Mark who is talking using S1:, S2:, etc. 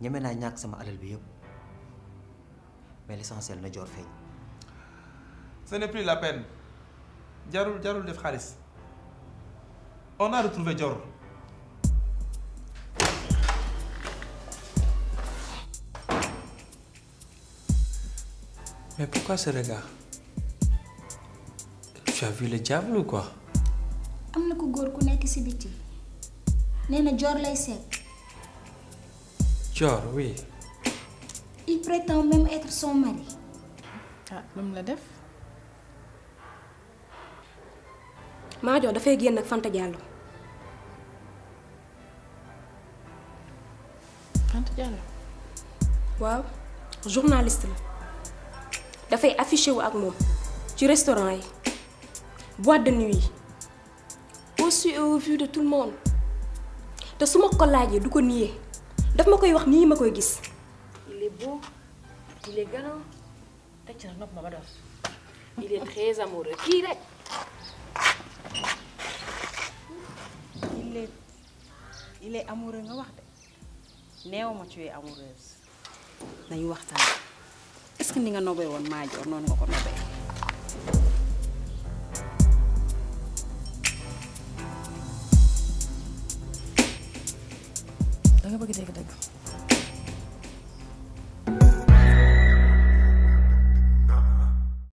S1: ñeme naa ñàkk sama alal bi yëpp mais l'essentiel na jor feeñ. ce n'est plus la peine jarul jarul def xaliss. on a retrouvé Dior. mais pourquoi ce regard tu as vu le diable ou quoi. Amna ko ku ku nekk ci biti nee Jor Dior lay sék. Dior, oui. Il prétend même être son mari. ah moom la def. Maajo dafay génn ak Fanta Diallo. Fanta Diallo. waaw journaliste la. dafay affiché wu ak moom ci restaurant boîte de nuit Aussi au su vu de tout le monde de ce ma ko du ko nier. daf ma koy wax nii ma koy gis. il est beau il est galant teg ci nopp ma ba doon il est très kii rek. il est il est amoureux nga wax de néew ma tu es amoureuse. nañu waxtaan est-ce que ni nga nobee woon maa joor noonu nga ko nobee. da nga bëgg dégg